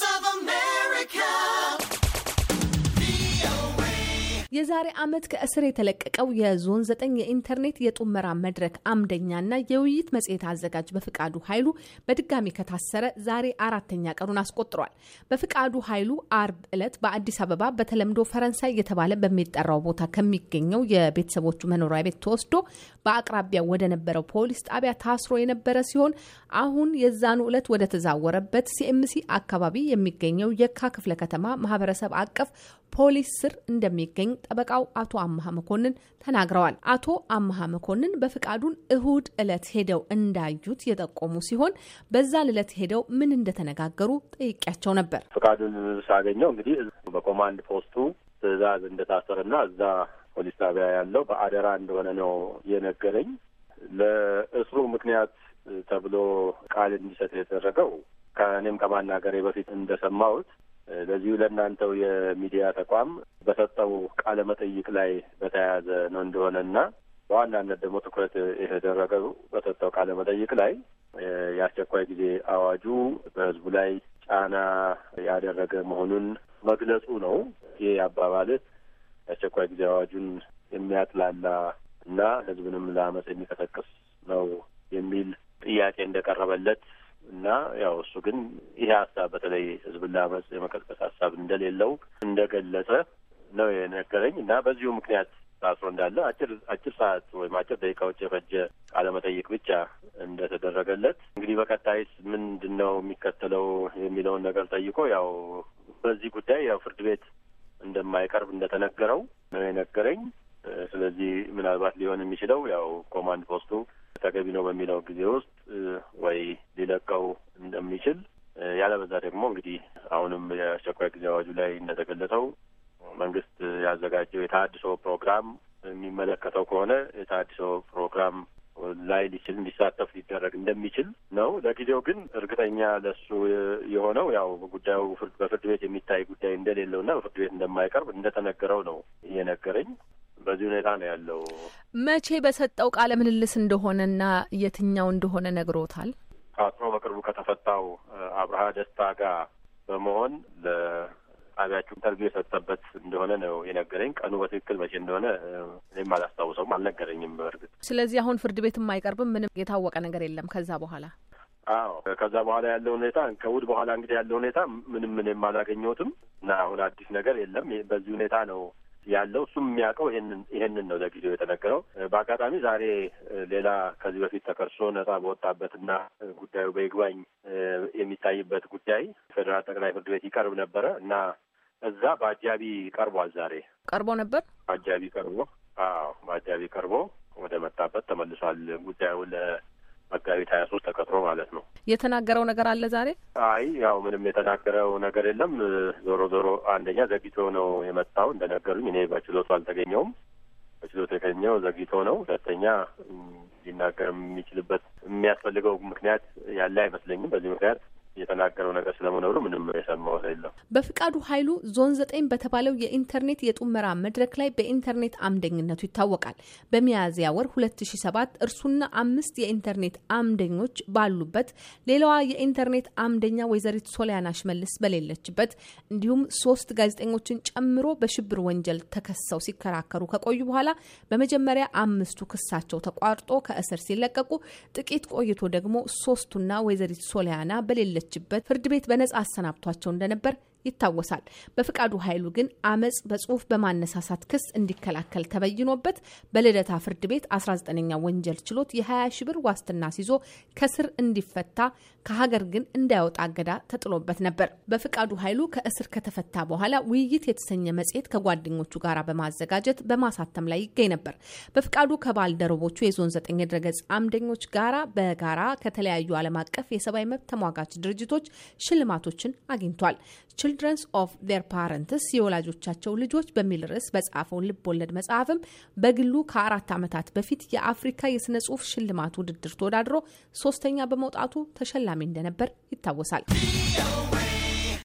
of them. የዛሬ ዓመት ከእስር የተለቀቀው የዞን ዘጠኝ የኢንተርኔት የጡመራ መድረክ አምደኛና የውይይት መጽሔት አዘጋጅ በፍቃዱ ኃይሉ በድጋሚ ከታሰረ ዛሬ አራተኛ ቀኑን አስቆጥሯል። በፍቃዱ ኃይሉ አርብ ዕለት በአዲስ አበባ በተለምዶ ፈረንሳይ እየተባለ በሚጠራው ቦታ ከሚገኘው የቤተሰቦቹ መኖሪያ ቤት ተወስዶ በአቅራቢያው ወደ ነበረው ፖሊስ ጣቢያ ታስሮ የነበረ ሲሆን አሁን የዛኑ ዕለት ወደ ተዛወረበት ሲኤምሲ አካባቢ የሚገኘው የካ ክፍለ ከተማ ማህበረሰብ አቀፍ ፖሊስ ስር እንደሚገኝ ጠበቃው አቶ አመሀ መኮንን ተናግረዋል። አቶ አመሀ መኮንን በፍቃዱን እሁድ እለት ሄደው እንዳዩት የጠቆሙ ሲሆን በዛን እለት ሄደው ምን እንደተነጋገሩ ጠይቂያቸው ነበር። ፍቃዱን ሳገኘው እንግዲህ በኮማንድ ፖስቱ ትዕዛዝ እንደታሰረና እዛ ፖሊስ ጣቢያ ያለው በአደራ እንደሆነ ነው የነገረኝ። ለእስሩ ምክንያት ተብሎ ቃል እንዲሰጥ የተደረገው ከእኔም ከማናገሬ በፊት እንደሰማሁት ለዚሁ ለእናንተው የሚዲያ ተቋም በሰጠው ቃለ መጠይቅ ላይ በተያያዘ ነው እንደሆነ እና በዋናነት ደግሞ ትኩረት የተደረገው በሰጠው ቃለ መጠይቅ ላይ የአስቸኳይ ጊዜ አዋጁ በህዝቡ ላይ ጫና ያደረገ መሆኑን መግለጹ ነው። ይህ አባባል የአስቸኳይ ጊዜ አዋጁን የሚያጥላላ እና ህዝብንም ለአመፅ የሚቀሰቅስ ነው የሚል ጥያቄ እንደቀረበለት እና ያው እሱ ግን ይሄ ሀሳብ በተለይ ህዝብን ለአመፅ የመቀስቀስ ሀሳብ እንደሌለው እንደገለጸ ነው የነገረኝ። እና በዚሁ ምክንያት ታስሮ እንዳለ አጭር አጭር ሰዓት ወይም አጭር ደቂቃዎች የፈጀ ቃለመጠይቅ ብቻ እንደተደረገለት እንግዲህ በቀጣይስ ምንድን ነው የሚከተለው የሚለውን ነገር ጠይቆ ያው በዚህ ጉዳይ ያው ፍርድ ቤት እንደማይቀርብ እንደተነገረው ነው የነገረኝ። ስለዚህ ምናልባት ሊሆን የሚችለው ያው ኮማንድ ፖስቱ ተገቢ ነው በሚለው ጊዜ ውስጥ ወይ ሊለቀው እንደሚችል ያለበዛ ደግሞ እንግዲህ አሁንም የአስቸኳይ ጊዜ አዋጁ ላይ እንደተገለጸው መንግስት ያዘጋጀው የተሀድሶ ፕሮግራም የሚመለከተው ከሆነ የተሀድሶ ፕሮግራም ላይ ሊችል እንዲሳተፍ ሊደረግ እንደሚችል ነው። ለጊዜው ግን እርግጠኛ ለሱ የሆነው ያው ጉዳዩ በፍርድ ቤት የሚታይ ጉዳይ እንደሌለውና በፍርድ ቤት እንደማይቀርብ እንደተነገረው ነው እየነገረኝ። በዚህ ሁኔታ ነው ያለው። መቼ በሰጠው ቃለ ምልልስ እንደሆነና የትኛው እንደሆነ ነግሮታል። ታስሮ በቅርቡ ከተፈታው አብርሃ ደስታ ጋር በመሆን ለጣቢያችሁ ኢንተርቪው የሰጠበት እንደሆነ ነው የነገረኝ። ቀኑ በትክክል መቼ እንደሆነ እኔም አላስታውሰውም፣ አልነገረኝም በእርግጥ። ስለዚህ አሁን ፍርድ ቤትም አይቀርብም፣ ምንም የታወቀ ነገር የለም ከዛ በኋላ አዎ ከዛ በኋላ ያለው ሁኔታ ከእሑድ በኋላ እንግዲህ ያለው ሁኔታ ምንም ምንም አላገኘሁትም እና አሁን አዲስ ነገር የለም። በዚህ ሁኔታ ነው ያለው እሱም የሚያውቀው ይሄንን ነው። ለጊዜው የተነገረው በአጋጣሚ ዛሬ ሌላ ከዚህ በፊት ተከርሶ ነጻ በወጣበትና ጉዳዩ በይግባኝ የሚታይበት ጉዳይ ፌዴራል ጠቅላይ ፍርድ ቤት ይቀርብ ነበረ እና እዛ በአጃቢ ቀርቧል። ዛሬ ቀርቦ ነበር። በአጃቢ ቀርቦ አዎ፣ በአጃቢ ቀርቦ ወደ መጣበት ተመልሷል። ጉዳዩ መጋቢት ሀያ ሶስት ተቀጥሮ ማለት ነው። የተናገረው ነገር አለ ዛሬ? አይ ያው ምንም የተናገረው ነገር የለም። ዞሮ ዞሮ አንደኛ ዘግይቶ ነው የመጣው እንደነገሩኝ። እኔ በችሎቱ አልተገኘውም። በችሎቱ የተገኘው ዘግይቶ ነው። ሁለተኛ ሊናገር የሚችልበት የሚያስፈልገው ምክንያት ያለ አይመስለኝም። በዚህ ምክንያት የተናገረው ነገር ስለመኖሩ ምንም የሰማሁት የለም። በፍቃዱ ኃይሉ ዞን ዘጠኝ በተባለው የኢንተርኔት የጡመራ መድረክ ላይ በኢንተርኔት አምደኝነቱ ይታወቃል። በሚያዝያ ወር ሁለት ሺ ሰባት እርሱና አምስት የኢንተርኔት አምደኞች ባሉበት፣ ሌላዋ የኢንተርኔት አምደኛ ወይዘሪት ሶሊያና ሽመልስ በሌለችበት፣ እንዲሁም ሶስት ጋዜጠኞችን ጨምሮ በሽብር ወንጀል ተከሰው ሲከራከሩ ከቆዩ በኋላ በመጀመሪያ አምስቱ ክሳቸው ተቋርጦ ከእስር ሲለቀቁ ጥቂት ቆይቶ ደግሞ ሶስቱና ወይዘሪት ሶሊያና በሌለ በሄደችበት ፍርድ ቤት በነጻ አሰናብቷቸው እንደነበር ይታወሳል። በፍቃዱ ኃይሉ ግን አመፅ በጽሁፍ በማነሳሳት ክስ እንዲከላከል ተበይኖበት በልደታ ፍርድ ቤት 19ኛ ወንጀል ችሎት የ20 ሺ ብር ዋስትና ሲዞ ከስር እንዲፈታ ከሀገር ግን እንዳይወጣ አገዳ ተጥሎበት ነበር። በፍቃዱ ኃይሉ ከእስር ከተፈታ በኋላ ውይይት የተሰኘ መጽሔት ከጓደኞቹ ጋር በማዘጋጀት በማሳተም ላይ ይገኝ ነበር። በፍቃዱ ከባልደረቦቹ የዞን 9 የድረገጽ አምደኞች ጋራ በጋራ ከተለያዩ ዓለም አቀፍ የሰብአዊ መብት ተሟጋች ድርጅቶች ሽልማቶችን አግኝቷል። ቺልድረንስ ኦፍ ዴር ፓረንትስ የወላጆቻቸው ልጆች በሚል ርዕስ በጻፈው ልብ ወለድ መጽሐፍም በግሉ ከአራት ዓመታት በፊት የአፍሪካ የሥነ ጽሑፍ ሽልማት ውድድር ተወዳድሮ ሶስተኛ በመውጣቱ ተሸላሚ እንደነበር ይታወሳል።